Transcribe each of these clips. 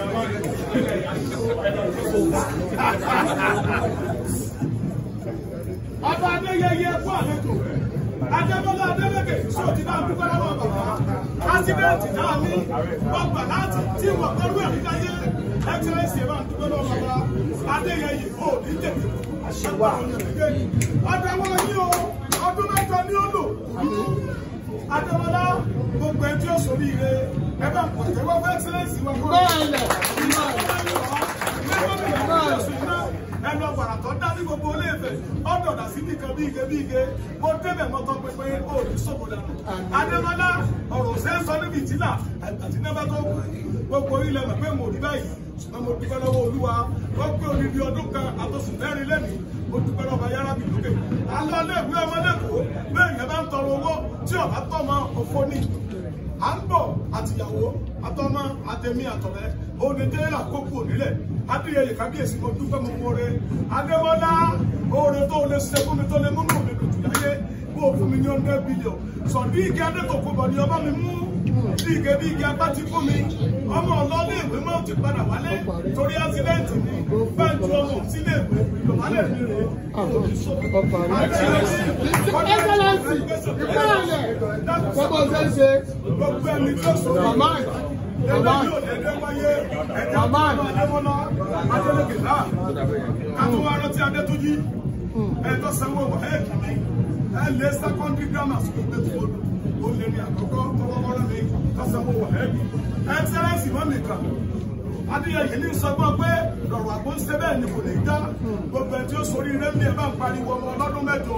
Ọba Adéyẹyẹ kú àlejò. Adébọ́lá Adélèké sọ ti náà dúpẹ́ lọ́wọ́ bàbá. Ásídẹ́ǹtì náà ní ọgbà láti tí wọ́n pẹ̀lú ẹ̀rí láyé. Ẹ́tíráìsì ẹ̀ máa dúpẹ́ lọ́wọ́ bàbá. Adéyẹyẹ ò ní tètè. Ọ̀dọ̀ wọn yí o, ọdún mẹ́jọ ní ó lò. Adébọ́lá gbogbo ẹni tí ó sọ bíi re ẹ bá kọ́ ẹ lọ wàrà tó dá ní gbogbo ilé Ifẹ̀ ọdọọdà sí nìkan bí ike bí ike mo débẹ̀ mọtọ pẹpẹ òòlù sọgbọdà Adémọ́lá ọ̀rọ̀ ṣe ń sọ níbi ìtìlá àti nẹbà tó kù gbogbo ilẹ̀ mọ̀ pé mo rí báyìí ṣùgbọ́n mo dúpẹ́ lọ́wọ́ Olúwa wọ́n pé ọdún kan àtọ̀sùn mẹ́rin lẹ́nìí ó dúpẹ́ lọ́ba yára mi lókè alọ́ léèwé ọmọ lẹ́kọ̀ọ́ bẹ́ẹ̀ yẹn bá ń tọrọ owó tí ọ̀bá tọ́mọ òfó ni à ń bọ̀ àtìyàwó àtọ́mọ àtẹ̀mí àtọ̀rẹ́ òní tẹ́lá nílẹ̀ adéyẹyẹ kábíyèsí mo dúpẹ́ mo mú oore adémọ́lá oore tó lè ṣe fún mi tó lè múnú mi dùn láyé bó fún mi ní ọdún bílíọ̀ sọ̀dí ìkẹ́ adétòkòbọ̀ ni ọba mi mú bí ike bí apá ti kú mi ọmọ ọlọ́lé ìwé mọ́ ti padà wálé torí ásídẹ́ǹtì ni fẹ́ǹtì ọmọ sílé ìwé ìdọ̀wálẹ̀ mi rè é. gbogbo ẹni tó sọ Bàbá bàbá Adélèké náà, tó sanwó wọ̀ ẹ́ kìíní, lé secondary grammar school gbé tó wọ́n lọ ó lé ní àkọ́kọ́ tọ́kọ́kọ́ lọ́mí kásánwó wọ̀hẹ́bì ẹ́tíẹ́rẹ́sì mọ́mì kan adéyẹyẹ ní sọgbọ́n pé lọ́rọ̀ àgbóńsẹ́ bẹ́ẹ̀ ni kò lè dá gbogbo ẹ̀ tí ó sorí rẹ́ ní ẹ̀ bá ń pariwo ọmọ ọlọ́dún mẹ́jọ.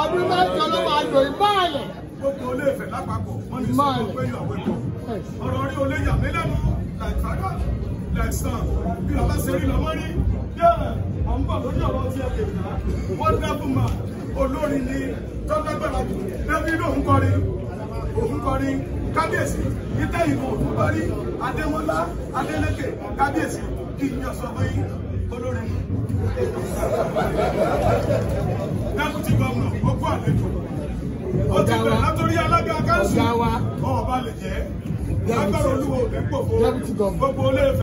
ọdún mẹ́jọ ló máa lò ìbáàlẹ̀. gbogbo olè ìfẹ́ lápapọ̀ wọ́n ní sọ pé yọ àwọn ẹ̀kọ́ ọ̀rọ̀ rí olè yà mí lẹ́nu làìfàdà làìsàn bí ọba ṣe rí lọ́mọ́ rí yẹ́ẹ̀ ògúnkọrí kábíyèsí nítẹ̀yìnbó ògúnkọrí adémọlá adélékè kábíyèsí kí n yọ sọ pé olórí mi. dẹ́kùtì gómìnà ogún àlejò ó ti bẹ̀rẹ̀ látòrí alága káńsù ọ̀ọ́ bá lè jẹ́ lágbára olúwo ẹ̀kọ́ gbogbo olóòfẹ́.